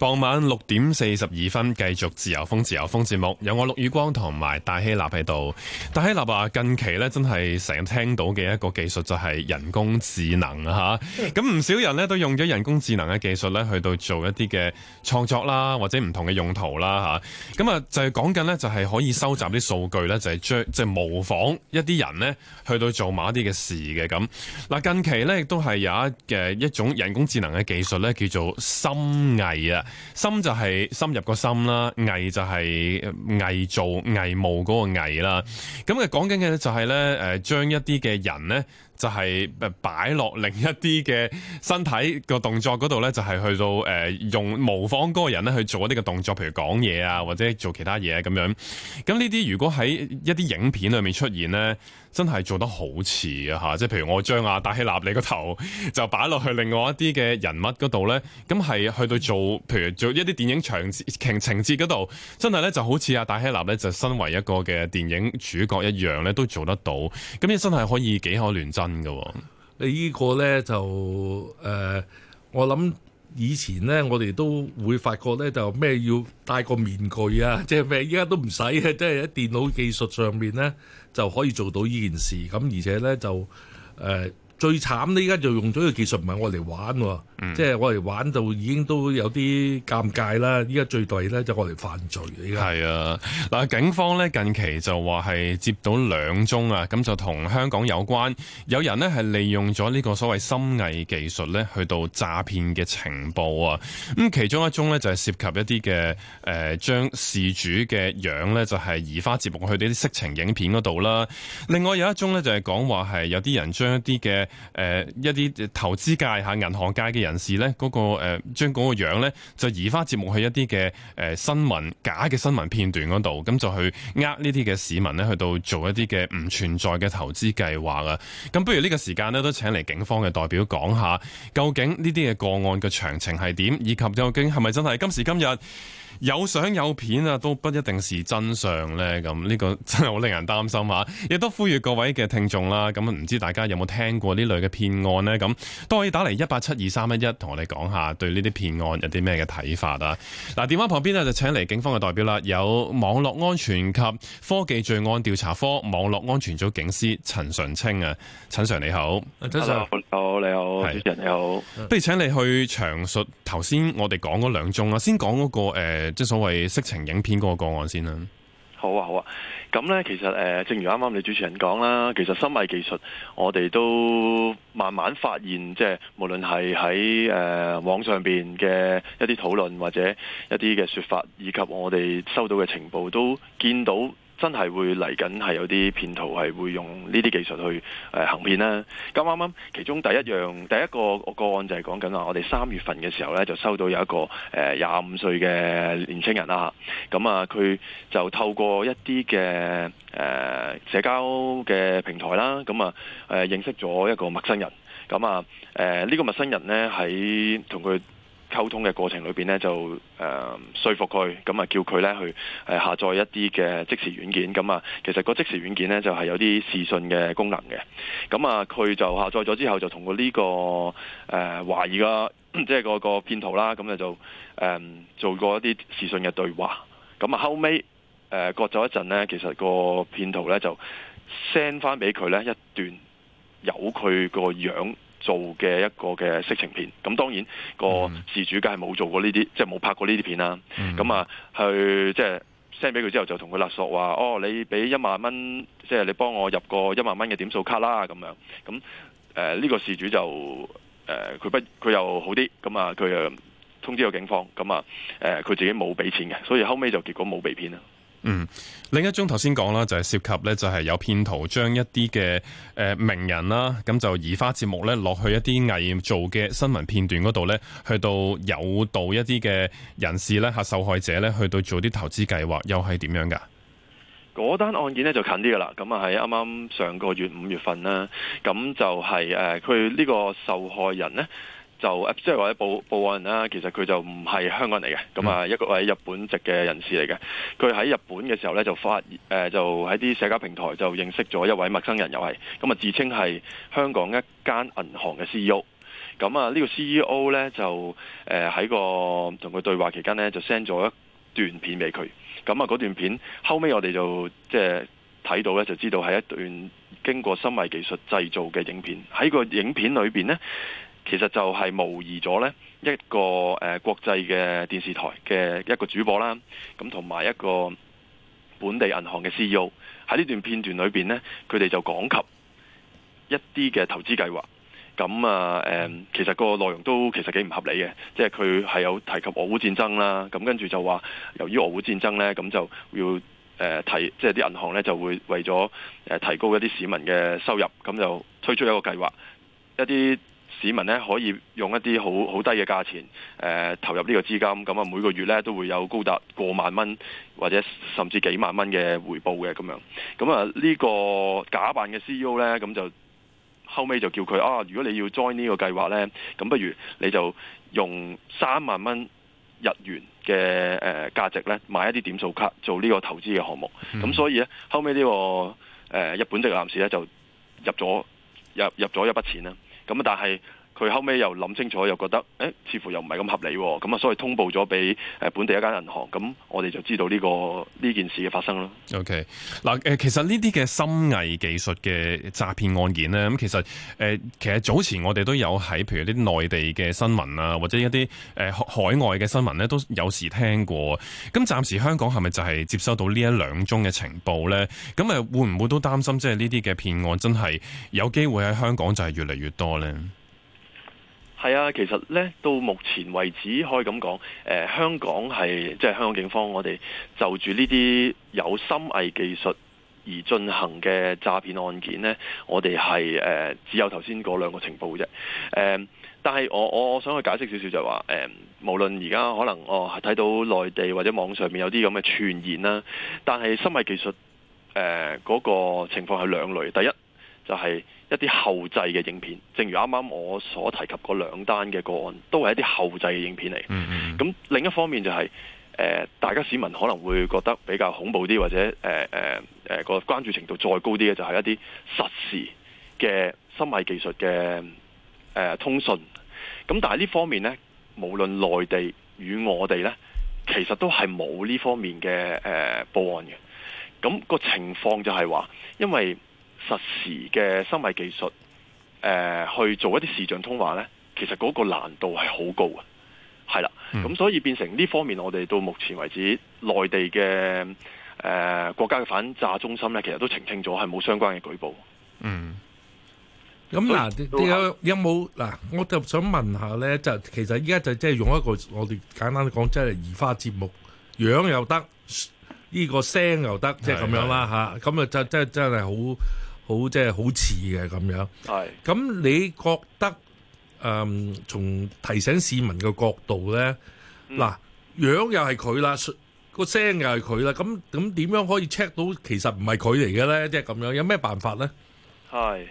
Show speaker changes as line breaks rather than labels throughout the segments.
傍晚六點四十二分，繼續自由風自由風節目，有我陸宇光同埋戴希立喺度。戴希立啊，近期咧，真係成日聽到嘅一個技術就係、是、人工智能啊！吓、嗯，咁唔少人咧都用咗人工智能嘅技術咧，去到做一啲嘅創作啦，或者唔同嘅用途啦，吓。咁啊，就係講緊咧，就係可以收集啲數據咧，就係將就係模仿一啲人呢去到做某一啲嘅事嘅咁。嗱，近期咧亦都係有一嘅一種人工智能嘅技術咧，叫做深偽啊。深就係深入個深啦，偽就係偽造偽冒嗰個偽啦。咁嘅講緊嘅咧就係咧，誒，將一啲嘅人咧。就係擺落另一啲嘅身體個動作嗰度咧，就係去到誒、呃、用模仿嗰個人咧去做一啲嘅動作，譬如講嘢啊，或者做其他嘢咁樣。咁呢啲如果喺一啲影片裏面出現咧，真係做得好似啊吓，即係譬如我將阿戴希立你個頭就擺落去另外一啲嘅人物嗰度咧，咁係去到做譬如做一啲電影場情情節嗰度，真係咧就好似阿戴希立咧就身為一個嘅電影主角一樣咧，都做得到。咁真係可以幾可亂真。
嗯嘅，你依個咧就誒、呃，我諗以前咧，我哋都會發覺咧，就咩要戴個面具啊，即係咩，依家都唔使嘅，即係喺電腦技術上面咧就可以做到呢件事，咁而且咧就誒。呃最慘呢，依家就用咗個技術唔係我嚟玩喎，嗯，即係我嚟玩到已經都有啲尷尬啦。依家最弊咧就我嚟犯罪。依家係啊，嗱，
警方咧近期就話係接到兩宗啊，咁就同香港有關，有人呢係利用咗呢個所謂深偽技術咧，去到詐騙嘅情報啊。咁，嗯、其中一宗呢，就係、是，涉及一啲嘅誒，將事主嘅樣咧就係、是，移花接木去到啲色情影片嗰度啦。另外有一宗呢，就係講話係有啲人將一啲嘅誒、呃，一啲投資界吓、銀行界嘅人士呢，嗰、那個誒，將、呃、嗰個樣呢，就移花接木去一啲嘅誒新聞假嘅新聞片段嗰度，咁就去呃呢啲嘅市民呢，去到做一啲嘅唔存在嘅投資計劃啊！咁不如呢個時間呢，都請嚟警方嘅代表講下，究竟呢啲嘅個案嘅詳情係點，以及究竟係咪真係今時今日？有相有片啊，都不一定是真相咧。咁呢個真係好令人擔心啊！亦都呼籲各位嘅聽眾啦、啊。咁唔知大家有冇聽過類呢類嘅騙案咧？咁都可以打嚟一八七二三一一，同我哋講下對呢啲騙案有啲咩嘅睇法啊！嗱、啊，電話旁邊咧就請嚟警方嘅代表啦，有網絡安全及科技罪案調查科網絡安全組警司陳純青啊。陳 Sir 你好，陳 Sir 你好，你
好，主持人你好。不如
請你去詳述頭先我哋講嗰兩宗啊，先講嗰、那個誒。呃即所謂色情影片嗰個個案先啦。
好啊，好啊。咁咧，其實誒、呃，正如啱啱你主持人講啦，其實深偽技術，我哋都慢慢發現，即係無論係喺誒網上邊嘅一啲討論，或者一啲嘅説法，以及我哋收到嘅情報，都見到。真係會嚟緊，係有啲騙徒係會用呢啲技術去誒行騙啦。咁啱啱其中第一樣，第一個個案就係講緊話，我哋三月份嘅時候咧就收到有一個誒廿五歲嘅年青人啦。咁啊，佢就透過一啲嘅誒社交嘅平台啦，咁啊誒認識咗一個陌生人。咁啊誒呢個陌生人咧喺同佢溝通嘅過程裏邊呢，就誒說服佢，咁啊叫佢呢去誒下載一啲嘅即時軟件，咁啊其實個即時軟件呢，就係有啲視訊嘅功能嘅，咁啊佢就下載咗之後就這，就同個呢個誒懷疑嘅即係個個騙徒啦，咁啊就誒做過一啲視訊嘅對話，咁啊後尾誒過咗一陣呢，其實個騙徒呢，就 send 翻俾佢呢一段有佢個樣，做嘅一個嘅色情片，咁當然個事主梗係冇做過呢啲，即係冇拍過呢啲片啦、啊。咁、mm-hmm. 啊，去即係 send 俾佢之後，就同佢勒索話：哦，你俾一萬蚊，即、就、係、是、你幫我入個一萬蚊嘅點數卡啦。咁樣，咁誒呢個事主就誒佢、呃、不佢又好啲，咁啊佢又通知到警方，咁啊誒佢自己冇俾錢嘅，所以後尾就結果冇被騙啦。
嗯，
另一宗頭先講啦，就係、是、涉及呢，就係有騙徒將一啲嘅，誒名人啦，咁就移花接木呢落去一啲偽造嘅新聞片段嗰度呢，去到誘導一啲嘅人士呢，吓，受害者呢，去到做啲投資計劃，又係點樣噶？
嗰單案件呢，就近啲噶啦，咁啊喺啱啱上個月五月份啦，咁就係、是、誒，佢、呃、呢個受害人呢。就即係話報報案啦，其實佢就唔係香港人嚟嘅，咁啊一個係日本籍嘅人士嚟嘅。佢喺日本嘅時候呢、呃，就發誒就喺啲社交平台就認識咗一位陌生人是，又係咁啊，自稱係香港一間銀行嘅 CEO。咁啊，呢個 CEO 呢，就誒喺、呃、個同佢對話期間呢，就 send 咗一段片俾佢。咁啊，嗰段片後尾我哋就即係睇到呢，就知道係一段經過深偽技術製造嘅影片。喺個影片裏邊呢。其實就係模擬咗呢一個誒國際嘅電視台嘅一個主播啦，咁同埋一個本地銀行嘅 CEO 喺呢段片段裏面呢，佢哋就講及一啲嘅投資計劃。咁啊，誒其實個內容都其實幾唔合理嘅，即係佢係有提及俄烏戰爭啦。咁跟住就話由於俄烏戰爭呢，咁就要提，即係啲銀行呢就會為咗提高一啲市民嘅收入，咁就推出一個計劃一啲市民咧可以用一啲好好低嘅價錢，誒、呃、投入呢個資金，咁啊每個月咧都會有高達過萬蚊，或者甚至幾萬蚊嘅回報嘅咁樣。咁啊呢、呢個假扮嘅 CEO 咧，咁就後尾就叫佢啊，如果你要 join 呢個計劃咧，咁不如你就用三萬蚊日元嘅誒、呃、價值咧買一啲點數卡做呢個投資嘅項目。咁、嗯、所以咧後尾呢、呢個誒、呃、日本籍男士咧就入咗入入咗一筆錢啦。咁但係，佢後尾又諗清楚，又覺得誒，似乎又唔係咁合理咁啊、嗯，所以通報咗俾誒本地一間銀行，咁、嗯、我哋就知道呢、呢個呢件事嘅發生啦。
OK 嗱，誒其實呢啲嘅深偽技術嘅詐騙案件呢，咁其實誒其實早前我哋都有喺譬如啲內地嘅新聞啊，或者一啲誒海外嘅新聞呢，都有時聽過。咁暫時香港係咪就係接收到呢一兩宗嘅情報呢？咁啊，會唔會都擔心即係呢啲嘅騙案真係有機會喺香港就係越嚟越多呢？
係啊，其實咧到目前為止可以咁講，呃，香港係即係香港警方，我哋就住呢啲有深偽技術而進行嘅詐騙案件呢，我哋係誒只有頭先嗰兩個情報啫，呃。但係我我想去解釋少少就係話誒，無論而家可能我睇到內地或者網上面有啲咁嘅傳言啦，但係深偽技術誒嗰、呃，嗰個情況係兩類，第一就係、是。一啲後製嘅影片，正如啱啱我所提及嗰兩單嘅個案，都係一啲後製嘅影片嚟。咁、mm-hmm. 另一方面就係、是呃，大家市民可能會覺得比較恐怖啲，或者誒誒誒個關注程度再高啲嘅，就係一啲實時嘅深偽技術嘅誒、呃、通訊。咁但係呢方面呢，無論內地與我哋呢，其實都係冇呢方面嘅誒、呃、報案嘅。咁、那個情況就係話，因為實時嘅生物技術，誒、呃，去做一啲視像通話咧，其實嗰個難度係好高嘅，係啦，咁、嗯、所以變成呢方面，我哋到目前為止，內地嘅誒、呃、國家嘅反詐中心咧，其實都澄清咗係冇相關嘅舉報的。嗯。咁嗱，有
有冇嗱？我就想問下咧，就其實依家就即係用一個我哋簡單講，即係移花接木，樣又得，呢、這個聲又得，即係咁樣啦吓，咁啊真真真係好。好即係好似嘅咁樣。係咁你覺得誒從提醒市民嘅角度咧，嗱樣又係佢啦，個聲又係佢啦，咁咁點樣可以 check 到其實唔係佢嚟嘅咧？即係咁樣，有咩辦法咧？
係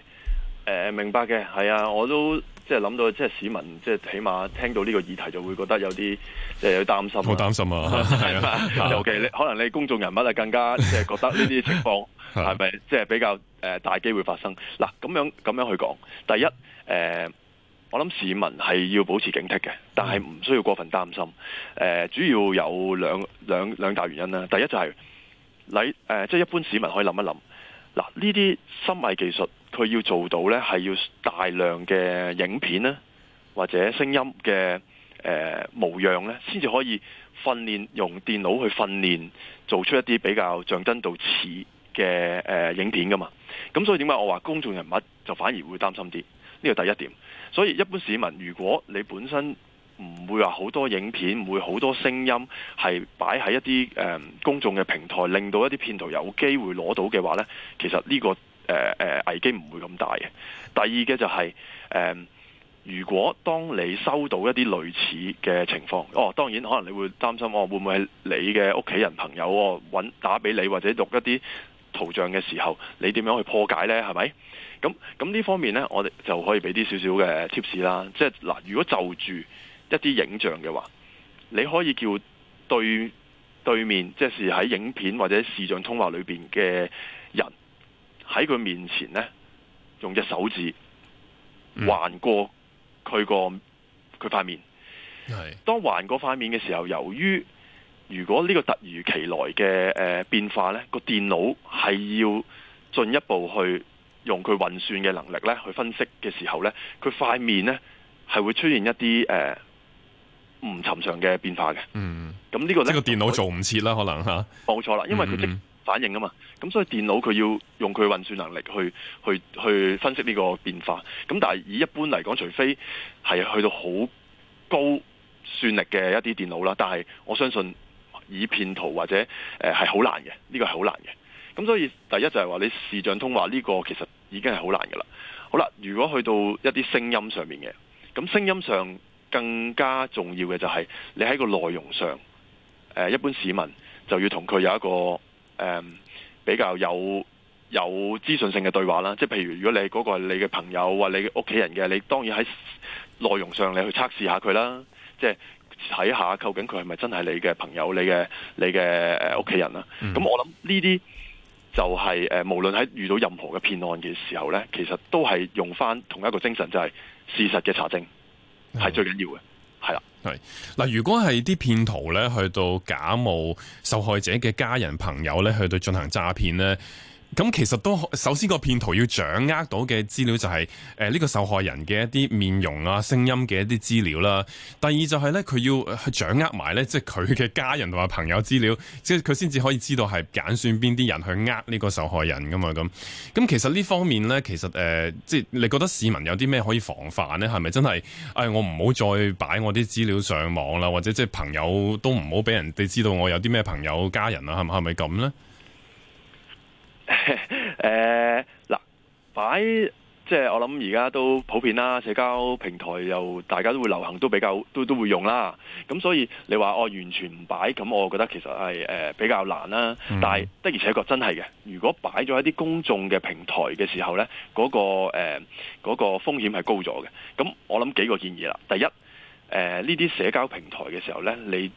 誒，明白嘅，係啊，我都。即係諗到，即係市民，即係起碼聽到呢個議題，就會覺得有啲誒擔心。好、呃、擔心啊，心啊 尤其你可能你公眾人物啊，更加 即係覺得呢啲情況係咪即係比較誒、呃、大機會發生？嗱，咁樣咁樣去講，第一誒、呃，我諗市民係要保持警惕嘅，但係唔需要過分擔心。誒、呃，主要有兩兩兩大原因啦。第一就係、是，你誒、呃，即係一般市民可以諗一諗，嗱，呢啲深偽技術。佢要做到咧，係要大量嘅影片咧，或者聲音嘅、呃、模樣咧，先至可以訓練用電腦去訓練做出一啲比較像真度似嘅、呃、影片噶嘛。咁所以點解我話公眾人物就反而會擔心啲？呢、這個第一點，所以一般市民，如果你本身唔會話好多影片，唔會好多聲音係擺喺一啲、呃、公眾嘅平台，令到一啲騙徒有機會攞到嘅話咧，其實呢、這個。誒誒，危機唔會咁大嘅。第二嘅就係誒，如果當你收到一啲類似嘅情況，哦，當然可能你會擔心，我，哦，會唔會係你嘅屋企人朋友搵打俾你或者錄一啲圖像嘅時候，你點樣去破解呢？係咪？咁咁呢方面呢，我哋就可以俾啲少少嘅 tips 啦。即係嗱，如果就住一啲影像嘅話，你可以叫對對面，即係喺影片或者視像通話裏邊嘅人。喺佢面前呢，用隻手指橫過佢個佢塊面。係、嗯、當橫過塊面嘅時候，由於如果呢個突如其來嘅誒、呃、變化呢，個電腦係要進一步去用佢運算嘅能力呢去分析嘅時候呢，佢塊面呢係會出現一啲誒唔尋常嘅變化嘅。嗯，咁呢個呢，即係個電腦
做唔切啦，可能嚇。
冇錯啦，因為佢即。嗯嗯反應啊嘛，咁所以電腦佢要用佢運算能力去去去分析呢個變化。咁但係以一般嚟講，除非係去到好高算力嘅一啲電腦啦，但係我相信以騙徒或者誒係好難嘅，呢、這個係好難嘅。咁所以第一就係話你視像通話呢個其實已經係好難噶啦。好啦，如果去到一啲聲音上面嘅，咁聲音上更加重要嘅就係你喺個內容上，誒一般市民就要同佢有一個。誒、嗯，比較有有資訊性嘅對話啦，即係譬如如果那你嗰個係你嘅朋友或你嘅屋企人嘅，你當然喺內容上你去測試下佢啦，即係睇下究竟佢係咪真係你嘅朋友，你嘅你嘅誒屋企人啦。咁、嗯嗯、我諗呢啲就係、是、誒，無論喺遇到任何嘅騙案嘅時候咧，其實都係用翻同一個精神，就係、是、事實嘅查證係最緊要嘅，係啦。係嗱，如
果係啲騙徒咧，去到假冒受害者嘅家人朋友咧，去到進行詐騙咧。咁其實都首先個騙徒要掌握到嘅資料就係誒呢個受害人嘅一啲面容啊、聲音嘅一啲資料啦。第二就係咧，佢要掌握埋咧，即係佢嘅家人同埋朋友資料，即係佢先至可以知道係揀選邊啲人去呃呢個受害人噶嘛咁。咁其實呢方面咧，其實誒，即係你覺得市民有啲咩可以防範咧？係咪真係誒？我唔好再擺我啲資料上網啦，或者即係朋友都唔好俾人哋知道我有啲咩朋友家人啦？係咪係咪咁咧？
誒、 呃，嗱，擺即係我諗而家都普遍啦，社交平台又大家都會流行，都比較都都會用啦。咁所以你話我、哦、完全唔擺，咁我覺得其實係誒、呃、比較難啦。嗯、但係的而且確真係嘅，如果擺咗喺啲公眾嘅平台嘅時候呢，嗰、嗰個誒嗰、呃嗰個風險係高咗嘅。咁我諗幾個建議啦，第一，誒呢啲社交平台嘅時候呢，你。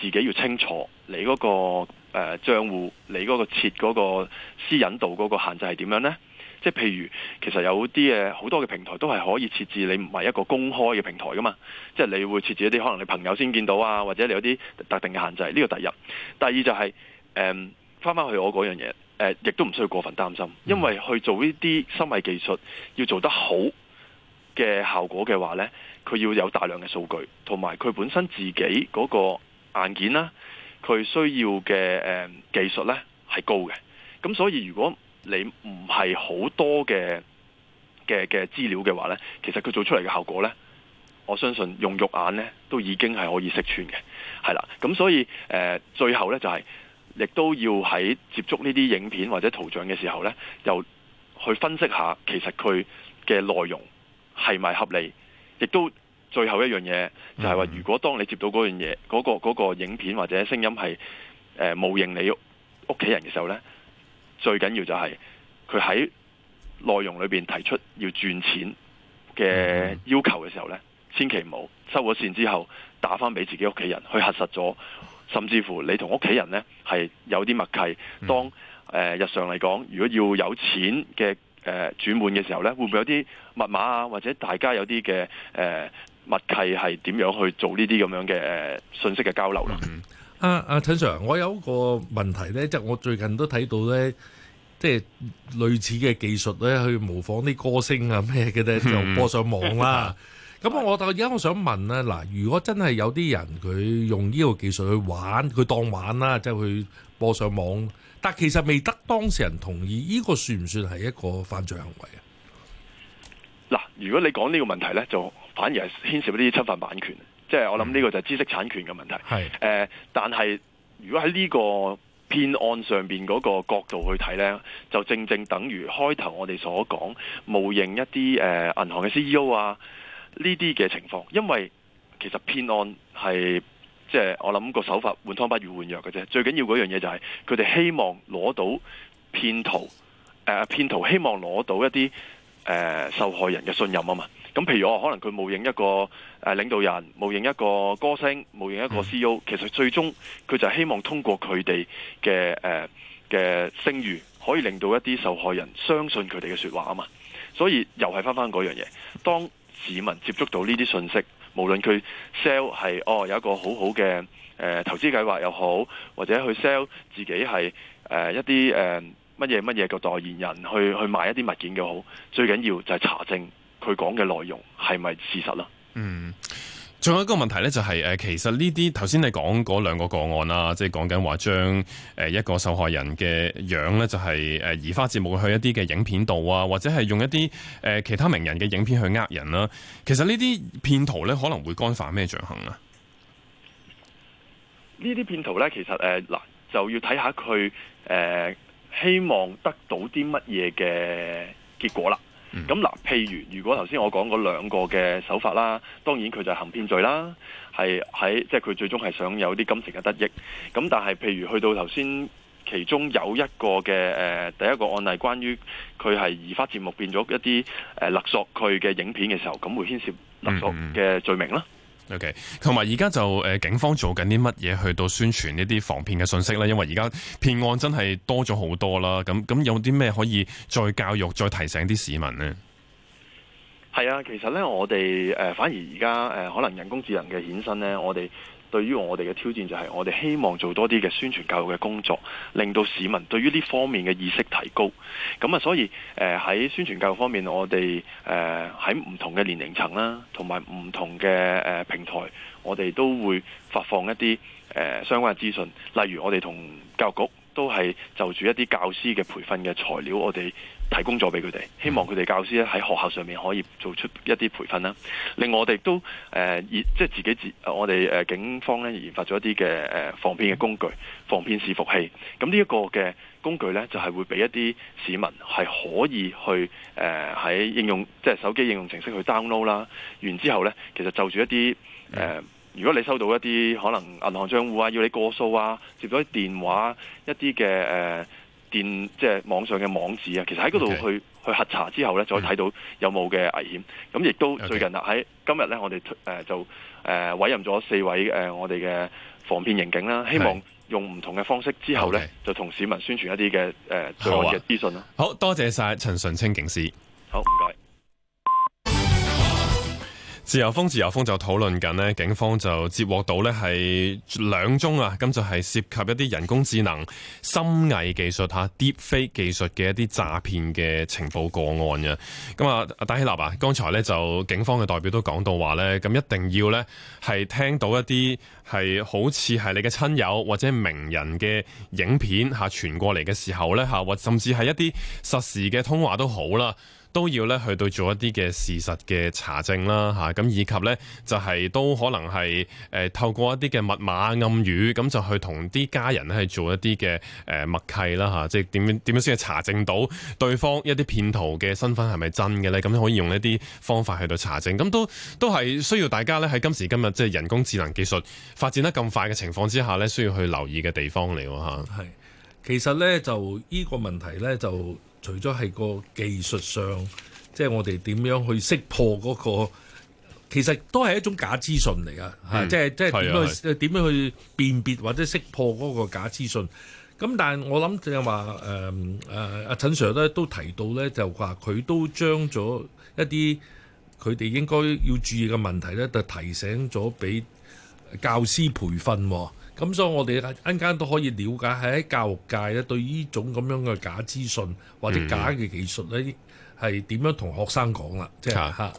自己要清楚你嗰個誒賬戶，你嗰個設嗰個私隱度嗰個限制係點樣咧？即係譬如其實有啲誒好多嘅平台都係可以設置你唔係一個公開嘅平台噶嘛，即係你會設置一啲可能你朋友先見到啊，或者你有啲特定嘅限制。呢個第一，第二就係誒翻翻去我嗰樣嘢，誒、呃、亦都唔需要過分擔心，因為去做呢啲深偽技術要做得好嘅效果嘅話咧，佢要有大量嘅數據同埋佢本身自己嗰個。硬件啦、啊，佢需要嘅誒、呃、技術咧係高嘅，咁所以如果你唔係好多嘅嘅嘅資料嘅話咧，其實佢做出嚟嘅效果咧，我相信用肉眼咧都已經係可以識穿嘅，係啦，咁所以誒、呃、最後咧就係、是、亦都要喺接觸呢啲影片或者圖像嘅時候咧，又去分析下其實佢嘅內容係咪合理，亦都。最後一樣嘢就係、係、話，如果當你接到嗰樣嘢、嗰、嗰個那個影片或者聲音係誒冒認你屋企人嘅時候呢，最緊要就係佢喺內容裏邊提出要轉錢嘅要求嘅時候呢，千祈冇收咗線之後打翻俾自己屋企人去核實咗，甚至乎你同屋企人呢係有啲默契，當、呃、日常嚟講，如果要有錢嘅呃轉換嘅時候呢，會唔會有啲密碼啊，或者大家有啲嘅默契係點樣去做呢啲咁樣嘅誒信息嘅交流咧？
阿阿陳 Sir，我有個問題呢，即係我最近都睇到呢，即係類似嘅技術呢，去模仿啲歌星啊咩嘅呢，就播上網啦。咁、嗯、 我突然間我想問呢，嗱，如果真係有啲人佢用呢個技術去玩，佢當玩啦，即係去播上網，但其實未得當事人同意，呢個算唔算係一個犯罪行為
啊？嗱，如果你講呢個問題呢，就反而係牽涉一啲侵犯版權，即、就、係、是、我諗呢個就係知識產權嘅問題。呃、但係如果喺呢個騙案上面嗰個角度去睇呢，就正正等於開頭我哋所講冒認一啲、呃、銀行嘅 CEO 啊呢啲嘅情況，因為其實騙案係即係我諗個手法換湯不如換藥嘅啫，最緊要嗰樣嘢就係佢哋希望攞到騙徒誒、呃、騙徒希望攞到一啲、呃、受害人嘅信任啊嘛。咁譬如我可能佢冒認一個誒領導人，冒認一個歌星，冒認一個 CEO，其實最終佢就希望通過佢哋嘅誒嘅聲譽，可以令到一啲受害人相信佢哋嘅說話啊嘛。所以又係翻翻嗰樣嘢，當市民接觸到呢啲信息，無論佢 sell 係哦有一個好好嘅誒投資計劃又好，或者去 sell 自己係誒、呃、一啲誒乜嘢乜嘢嘅代言人去去賣一啲物件嘅好，最緊要就係查證。佢講嘅內容係咪事實啦？嗯，
仲有一個問題呢、就係，就係誒，其實呢啲頭先你講嗰兩個個案啦，即係講緊話將誒一個受害人嘅樣呢，就係誒移花接木去一啲嘅影片度啊，或者係用一啲誒、呃、其他名人嘅影片去呃人啦。其實呢啲騙徒呢，可能會干犯咩罪行啊？
呢啲騙徒呢，其實誒嗱、呃，就要睇下佢誒、呃、希望得到啲乜嘢嘅結果啦。咁、嗯、嗱，譬如如果頭先我講嗰兩個嘅手法啦，當然佢就係行騙罪啦，係喺即係佢最終係想有啲金錢嘅得益。咁但係譬如去到頭先其中有一個嘅誒、呃、第一個案例，關於佢係移花接木變咗一啲誒、呃、勒索佢嘅影片嘅時候，咁會牽涉勒索嘅罪名啦。嗯。O K，
同埋而家就誒、呃、警方做緊啲乜嘢去到宣傳呢啲防騙嘅信息呢？因為而家騙案真係多咗好多啦，咁咁有啲咩可以再教育、再提醒啲市民呢？
係啊，其實呢，我哋誒、呃、反而而家誒可能人工智能嘅衍生呢，我哋。對於我哋嘅挑戰就係我哋希望做多啲嘅宣傳教育嘅工作，令到市民對於呢方面嘅意識提高。咁啊，所以誒喺、呃、宣傳教育方面，我哋誒喺唔同嘅年齡層啦，同埋唔同嘅誒平台，我哋都會發放一啲、呃、相關嘅資訊。例如，我哋同教育局都係就住一啲教師嘅培訓嘅材料，我哋。提供咗俾佢哋，希望佢哋教師咧喺學校上面可以做出一啲培訓啦。另外我哋、呃即係自己呃，我哋都誒即係自己自，我哋警方咧研發咗一啲嘅、呃、防騙嘅工具，防騙視服器。咁呢一個嘅工具咧，就係、是、會俾一啲市民係可以去誒喺、呃、應用，即、就、係、是、手機應用程式去 download 啦。然之後咧，其實就住一啲誒、呃，如果你收到一啲可能銀行帳戶啊，要你過數啊，接到啲電話一啲嘅誒。呃電即係網上嘅網址啊，其實喺嗰度去、okay. 去核查之後咧，就可以睇到有冇嘅危險。咁亦都最近啊，喺、okay. 今日咧，我哋誒、呃、就誒、呃、委任咗四位誒、呃、我哋嘅防騙刑警啦，希望用唔同嘅方式之後咧，okay. 就同市民宣傳一啲嘅誒罪案嘅資訊啦。
好多謝晒陳純青警司，
好唔該。謝謝。
自由風，自由風就討論緊呢，警方就接獲到呢係兩宗啊，咁就係、是、涉及一啲人工智能、深偽技術嚇、Deepfake 技術嘅一啲詐騙嘅情報個案嘅。咁啊，阿戴希立啊，剛才呢就警方嘅代表都講到話呢，咁一定要呢係聽到一啲係好似係你嘅親友或者名人嘅影片吓傳過嚟嘅時候呢，或甚至係一啲實時嘅通話都好啦。都要咧去到做一啲嘅事實嘅查證啦，嚇咁以及咧就係都可能係誒透過一啲嘅密碼暗語咁就去同啲家人咧係做一啲嘅誒默契啦，嚇即係點點樣先去查證到對方一啲騙徒嘅身份係咪真嘅咧？咁可以用一啲方法去到查證，咁都都係需要大家咧喺今時今日即係、就是、人工智能技術發展
得咁快嘅情況之下咧，需要去留意嘅地方嚟㗎嚇。係，其實咧就呢個問題咧就。除咗係個技術上，即係我哋點樣去識破嗰個，其實都係一種假資訊嚟啊！即係即係點樣去辨別或者識破嗰個假資訊。咁但係我諗就話誒誒阿陳 Sir 咧都提到咧，就話佢都將咗一啲佢哋應該要注意嘅問題咧，就提醒咗俾教師培訓喎、啊。咁所以，我哋陣間都可以了解，喺教育界咧，對呢種咁樣嘅假資訊或者假嘅技術呢、嗯？係點樣同學生講啦？即係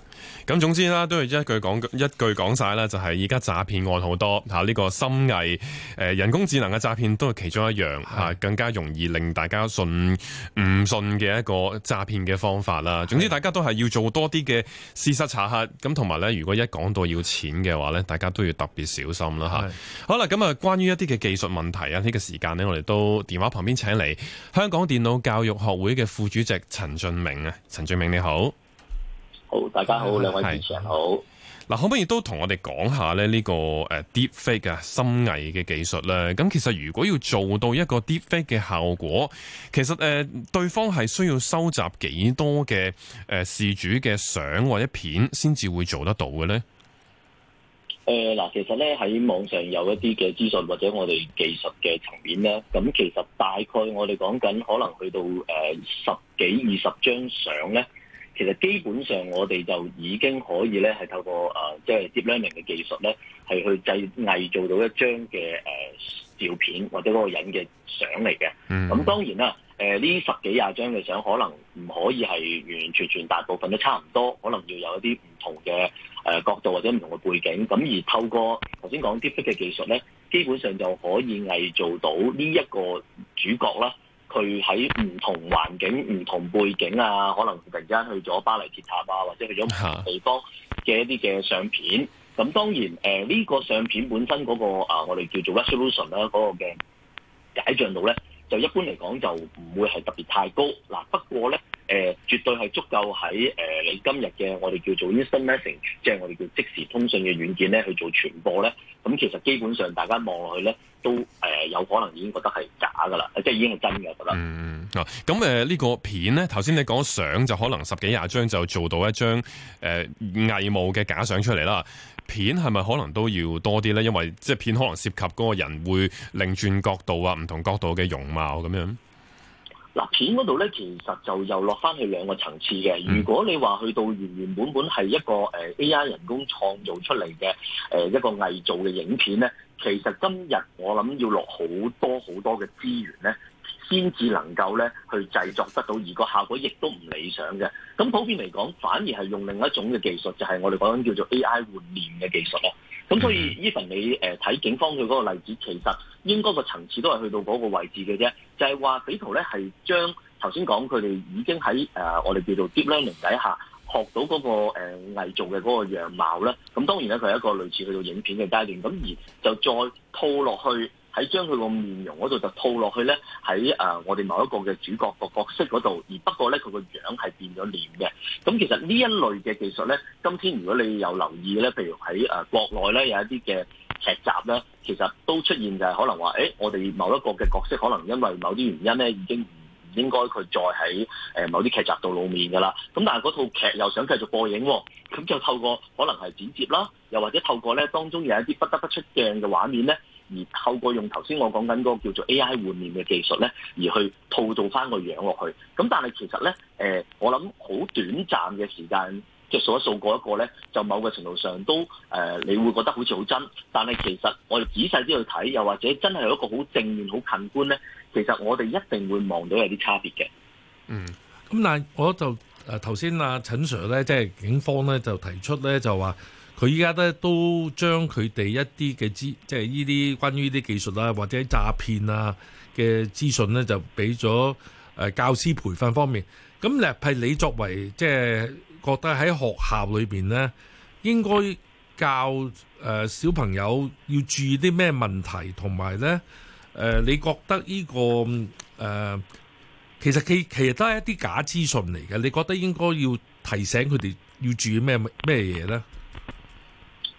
咁總之啦，都係一句講一句講晒啦，就係而家詐騙案好多吓呢、啊呢個深偽、呃、人工智能嘅詐騙都係其中一樣、啊、更加容易令大家信唔信嘅一個詐騙嘅方法啦、啊。總之大家都係要做多啲嘅事實查核，咁同埋咧，如果一講到要錢嘅話咧，大家都要特別小心啦、啊啊、好啦，咁啊，關於一啲嘅技術問題啊，呢、呢個時間呢，我哋都電話旁邊請嚟香港電腦教育學會嘅副主席陳俊銘啊。陳俊明你好，
好，大家好，兩、啊、位主持
人好。嗱、啊，可唔可以都同我哋講下咧呢個誒 deep fake 嘅深藝嘅技術咧？咁其實如果要做到一個 deep fake 嘅效果，其實誒、呃、對方係需要收集幾多嘅誒、呃、事主嘅相或者片先至會做得到嘅咧？
誒、呃、嗱，其實咧喺網上有一啲嘅資訊，或者我哋技術嘅層面咧，咁其實大概我哋講緊可能去到誒、呃、十幾二十張相咧，其實基本上我哋就已經可以咧係透過誒、呃、即係 Deep Learning 嘅技術咧，係去製偽造到一張嘅誒、呃、照片或者嗰個人嘅相嚟嘅。咁、mm. 當然啦，誒、呃、呢十幾廿張嘅相可能唔可以係完完全全大部分都差唔多，可能要有一啲唔同嘅。誒角度或者唔同嘅背景，咁而透過頭先講 deepfake 嘅技術咧，基本上就可以偽造到呢一個主角啦。佢喺唔同環境、唔同背景啊，可能突然間去咗巴黎鐵塔啊，或者去咗唔同地方嘅一啲嘅相片。咁當然誒，呢個相片本身嗰個啊，我哋叫做 resolution 啦，嗰個嘅解像度咧，就一般嚟講就唔會係特別太高。嗱，不過咧。誒、呃、絕對係足夠喺誒、呃、你今日嘅我哋叫做 instant messaging，即係我哋叫即時通訊嘅軟件咧去做傳播咧。咁其實基本上大家望落去咧，都誒、呃、有可能已經覺得係假㗎喇，即係已經係真嘅㗎喇。嗯，啊，
咁誒呢個片咧，頭先你講相就可能十幾廿張就做到一張誒偽冒嘅假相出嚟啦。片係咪可能都要多啲咧？因為即係片可能涉及嗰個人會另轉角度啊，唔同角度嘅容貌咁樣。
嗱片嗰度咧，其實就又落翻去兩個層次嘅。如果你話去到原原本本係一個 A I 人工創造出嚟嘅一個偽造嘅影片咧，其實今日我諗要落好多好多嘅資源咧，先至能夠咧去製作得到，而個效果亦都唔理想嘅。咁普遍嚟講，反而係用另一種嘅技術，就係、是、我哋講緊叫做 A I 換面嘅技術咯。咁所以 Evan 你睇警方佢嗰個例子，其實應該個層次都係去到嗰個位置嘅啫。就係話匪徒咧，係將頭先講佢哋已經喺誒、呃、我哋叫做 deep learning 底下學到嗰、那個誒偽、呃、造嘅嗰個樣貌咧。咁當然咧，佢係一個類似佢做影片嘅概念。咁而就再套落去喺將佢個面容嗰度就套落去咧喺誒我哋某一個嘅主角個角色嗰度。而不過咧，佢個樣係變咗臉嘅。咁其實呢一類嘅技術咧，今天如果你有留意咧，譬如喺誒、呃、國內咧有一啲嘅。劇集咧，其實都出現就係可能話，誒，我哋某一個嘅角色，可能因為某啲原因咧，已經唔應該佢再喺某啲劇集度露面㗎啦。咁但係嗰套劇又想繼續播映，咁、哦、就透過可能係剪接啦，又或者透過咧當中有一啲不得不出鏡嘅畫面咧，而透過用頭先我講緊嗰個叫做 AI 換面嘅技術咧，而去套造翻個樣落去。咁但係其實咧、呃，我諗好短暫嘅時間。即係數一數過一個咧，就某個程度上都誒、呃，你會覺得好似好真。但係其實我哋仔細啲去睇，又或者真係有一個好正面、好近觀咧，其實我哋一定會望到有啲差別嘅。嗯，
咁但係我就誒頭先阿陳 Sir 咧，即係警方咧就提出咧就話佢依家咧都將佢哋一啲嘅資，即係呢啲關於呢啲技術啊或者詐騙啊嘅資訊咧，就俾咗誒教師培訓方面咁。嗱，係你作為即係。就是覺得喺學校裏邊呢，應該教誒小朋友要注意啲咩問題，同埋呢，誒，你覺得呢個誒、呃，其實佢其實都係一啲假資訊嚟嘅。你覺得應該要提醒佢哋要注意咩咩嘢呢？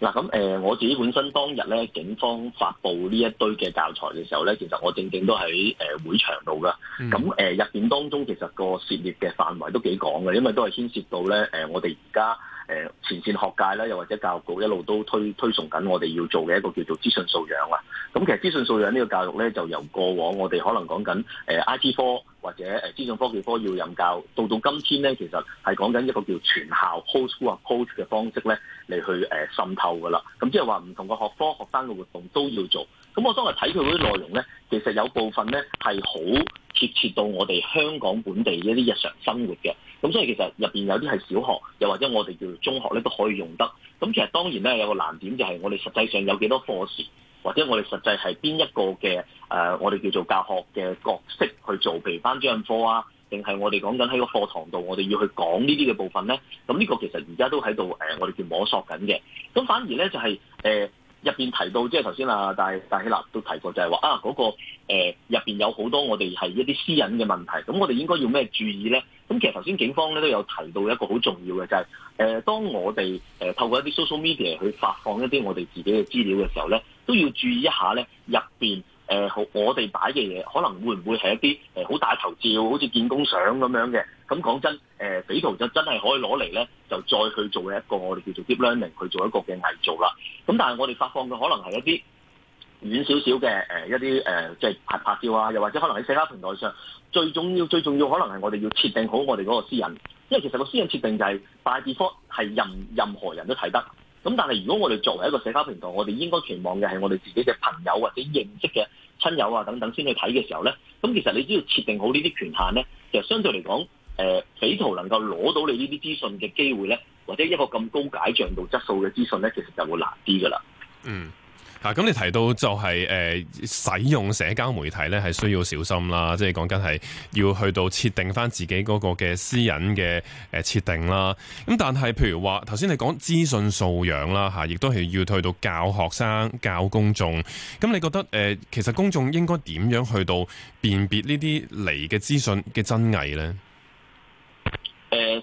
嗱咁誒，我自己本身當日咧，警方發布呢一堆嘅教材嘅時候咧，其實我正正都喺誒、呃、會場度㗎。咁誒入邊當中，其實個涉獵嘅範圍都幾廣嘅，因為都係牽涉到咧誒、呃，我哋而家，誒前線學界啦，又或者教育局一路都推推崇緊我哋要做嘅一個叫做資訊素養啊。咁其實資訊素養呢個教育咧，就由過往我哋可能講緊 IT 科或者誒資訊科技科要任教，到到今天咧，其實係講緊一個叫全校 whole school approach 嘅方式咧，嚟去誒滲透噶啦。咁即係話唔同嘅學科學生嘅活動都要做。咁我當日睇佢嗰啲內容咧，其實有部分咧係好貼切到我哋香港本地一啲日常生活嘅。咁所以其實入面有啲係小學，又或者我哋叫中學咧都可以用得。咁其實當然咧有個難點就係我哋實際上有幾多課時，或者我哋實際係邊一個嘅、呃、我哋叫做教學嘅角色去做備班這樣課啊，定係我哋講緊喺個課堂度，我哋要去講呢啲嘅部分咧？咁呢個其實而家都喺度、呃、我哋叫摸索緊嘅。咁反而咧就係、是呃入面提到，即係頭先啊，大戴喜納都提過就是說，就係話啊，嗰、那個入、呃、面有好多我哋係一啲私隱嘅問題，咁我哋應該要咩注意咧？咁其實頭先警方咧都有提到一個好重要嘅、就是，就、呃、係當我哋、呃、透過一啲 social media 去發放一啲我哋自己嘅資料嘅時候咧，都要注意一下咧入面。誒、呃，我我哋擺嘅嘢，可能會唔會係一啲好大頭照，好似見工相咁樣嘅？咁講真，誒、呃、匪徒就真係可以攞嚟咧，就再去做一個我哋叫做 deep learning，去做一個嘅偽造啦。咁但係我哋發放嘅可能係一啲遠少少嘅一啲誒，即、呃、係、就是、拍拍照啊，又或者可能喺社交平台上，最重要最重要可能係我哋要設定好我哋嗰個私隱，因為其實個私隱設定就係 by default 係任任何人都睇得。咁但係如果我哋作為一個社交平台，我哋應該期望嘅係我哋自己嘅朋友或者認識嘅親友啊等等先去睇嘅時候咧，咁其實你只要設定好呢啲權限咧，就相對嚟講，誒、呃、匪徒能夠攞到你呢啲資訊嘅機會咧，或者一個咁高解像度質素嘅資訊咧，其實就會難啲㗎啦。嗯。
咁、啊、你提到就係、是、誒、呃、使用社交媒體咧，係需要小心啦，即係講緊係要去到設定翻自己嗰個嘅私隱嘅誒設定啦。咁但係譬如話，頭先你講資訊素養啦，亦、啊、都係要去到教學生、教公眾。咁你覺得誒、呃，其實公眾應該點樣去到辨別呢啲嚟嘅資訊嘅真偽呢？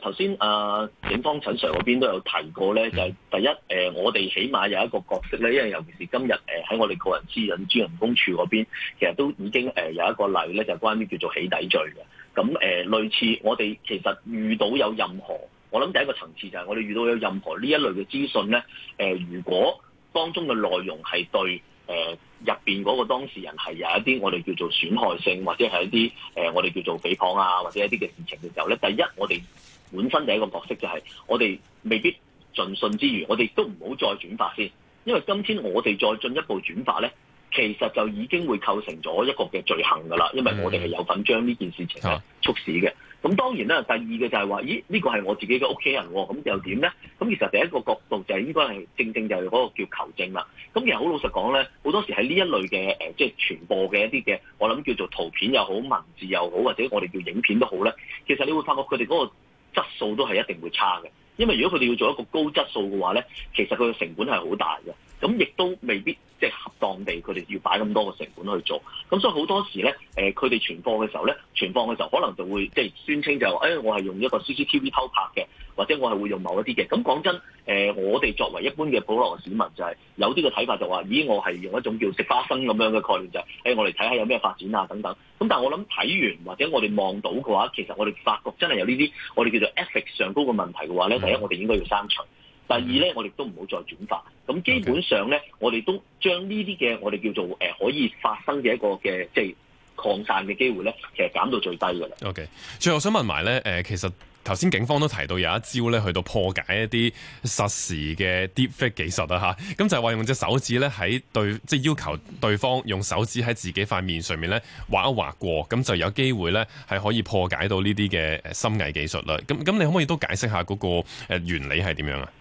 頭先啊，警方陳 Sir 嗰邊都有提過咧，就係、是、第一、呃、我哋起碼有一個角色咧，因為尤其是今日誒喺、呃、我哋個人資料私隱專員公署嗰邊，其實都已經、呃、有一個例咧，就係、關於叫做起底罪嘅。咁、呃、類似我哋其實遇到有任何，我諗第一個層次就係我哋遇到有任何呢一類嘅資訊咧、呃，如果當中嘅內容係對入、呃、面嗰個當事人係有一啲我哋叫做損害性，或者係一啲、呃、我哋叫做誹謗啊，或者一啲嘅事情嘅時候咧，第一我哋本身第一個角色就係我哋未必盡信之餘，我哋都唔好再轉發先，因為今天我哋再進一步轉發咧，其實就已經會構成咗一個嘅罪行㗎啦。因為我哋係有份將呢件事情咧促使嘅。咁、嗯、當然啦，第二嘅就係話，咦呢個係我自己嘅屋企人喎、哦，咁又點咧？咁其實第一個角度就係應該係正正就係嗰個叫求證啦。咁其實好老實講咧，好多時喺呢一類嘅誒，即、呃、係、就係、傳播嘅一啲嘅，我諗叫做圖片又好、文字又好，或者我哋叫影片都好咧，其實你會發覺佢哋嗰個。質素都係一定會差嘅，因為如果佢哋要做一個高質素嘅話咧，其實佢嘅成本係好大嘅。咁亦都未必即係、就是、合當地，佢哋要擺咁多個成本去做。咁所以好多時咧，佢哋存放嘅時候咧，存放嘅時候可能就會即係、就是、宣稱就話、是哎，我係用一個 CCTV 偷拍嘅，或者我係會用某一啲嘅。咁講真、哎，我哋作為一般嘅普羅市民、就是，就係有啲個睇法，就話：咦，我係用一種叫食花生咁樣嘅概念、就是，就係：「我嚟睇下有咩發展啊等等。咁但係我諗睇完或者我哋望到嘅話，其實我哋發覺真係有呢啲我哋叫做 ethics 上高嘅問題嘅話咧、嗯，第一我哋應該要刪除。第二咧，我哋都唔好再轉發咁基本上咧、okay.，我哋都將呢啲嘅我哋叫做、呃、可以發生嘅一個嘅即係擴散嘅機會咧，其實減到最低㗎啦。OK，
最後想問埋咧、呃、其實頭先警方都提到有一招咧，去到破解一啲實時嘅 Deepfake 技術啊嚇。咁就係話用隻手指咧喺對，即、係、要求對方用手指喺自己塊面上面咧畫一畫過，咁就有機會咧係可以破解到呢啲嘅心藝技術啦。咁咁，你可唔可以都解釋下嗰個原理係點樣
啊？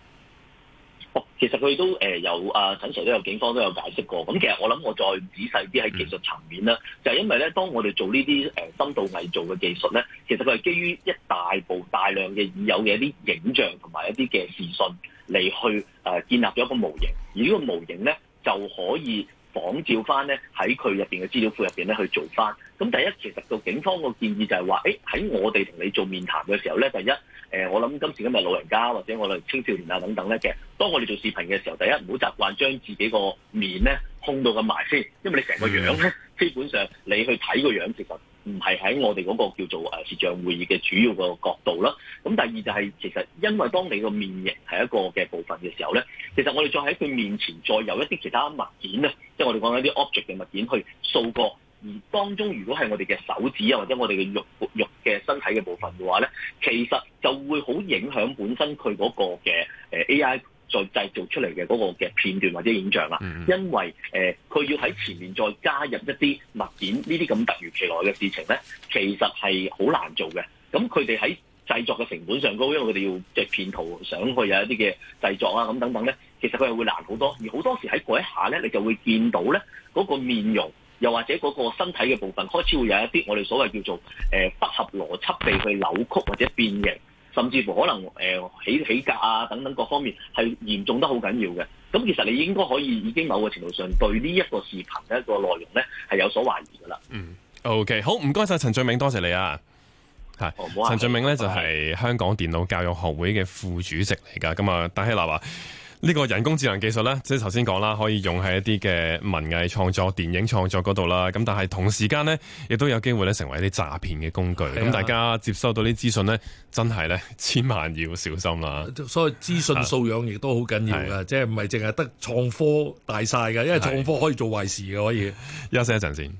哦，其實佢都誒有啊，陳 Sir 都有警方都有解釋過。咁其實我諗我再仔細啲喺技術層面咧，就係、是、因為咧，當我哋做呢啲誒深度偽造嘅技術咧，其實佢係基於一大部大量嘅已有嘅一啲影像同埋一啲嘅視訊嚟去誒、呃、建立咗一個模型。而呢個模型咧就可以仿照翻咧，喺佢入邊嘅資料庫入邊咧去做翻。咁第一，其實個警方個建議就係話，誒、欸、喺我哋同你做面談嘅時候咧，第一。誒、呃，我諗今時今日老人家或者我哋青少年啊等等咧嘅，當我哋做視頻嘅時候，第一唔好習慣將自己個面咧控到咁埋先，因為你成個樣咧、嗯，基本上你去睇個樣，其實唔係喺我哋嗰個叫做誒視像會議嘅主要個角度啦。咁第二就係、是、其實因為當你個面型係一個嘅部分嘅時候咧，其實我哋再喺佢面前再有一啲其他物件咧，即係我哋講緊啲 object 嘅物件去掃過。而當中，如果係我哋嘅手指啊，或者我哋嘅肉肉嘅身體嘅部分嘅話咧，其實就會好影響本身佢嗰個嘅誒 AI 再製造出嚟嘅嗰個嘅片段或者影像啦。因為誒，佢、呃、要喺前面再加入一啲物件，呢啲咁突如其來嘅事情咧，其實係好難做嘅。咁佢哋喺製作嘅成本上高，因為佢哋要嘅片圖上去有一啲嘅製作啦，咁等等咧，其實佢係會難好多。而好多時喺嗰一下咧，你就會見到咧嗰、嗰個面容。又或者嗰個身體嘅部分開始會有一啲我哋所謂叫做誒不合邏輯地去扭曲或者變形，甚至乎可能誒起起格啊等等各方面係嚴重得好緊要嘅。咁其實你應該可以已經某個程度上對呢一個視頻嘅一個內容呢係有所懷疑噶啦。嗯
，OK，好唔該晒，陳俊銘，多謝你啊。係、哦，陳俊銘呢就係香港電腦教育學會嘅副主席嚟噶。咁、嗯、啊，戴希娜話。呢、這個人工智能技術呢，即係頭先講啦，可以用喺一啲嘅文藝創作、電影創作嗰度啦。咁但係同時間呢，亦都有機會咧成為一啲詐騙嘅工具。咁、啊、大家接收到啲資訊呢，真係呢，千萬要小心啦。
所以資訊素養亦都好緊要嘅、啊，即係唔係淨係得創科大晒嘅，因為創科可以做壞事嘅，可以休息一陣先。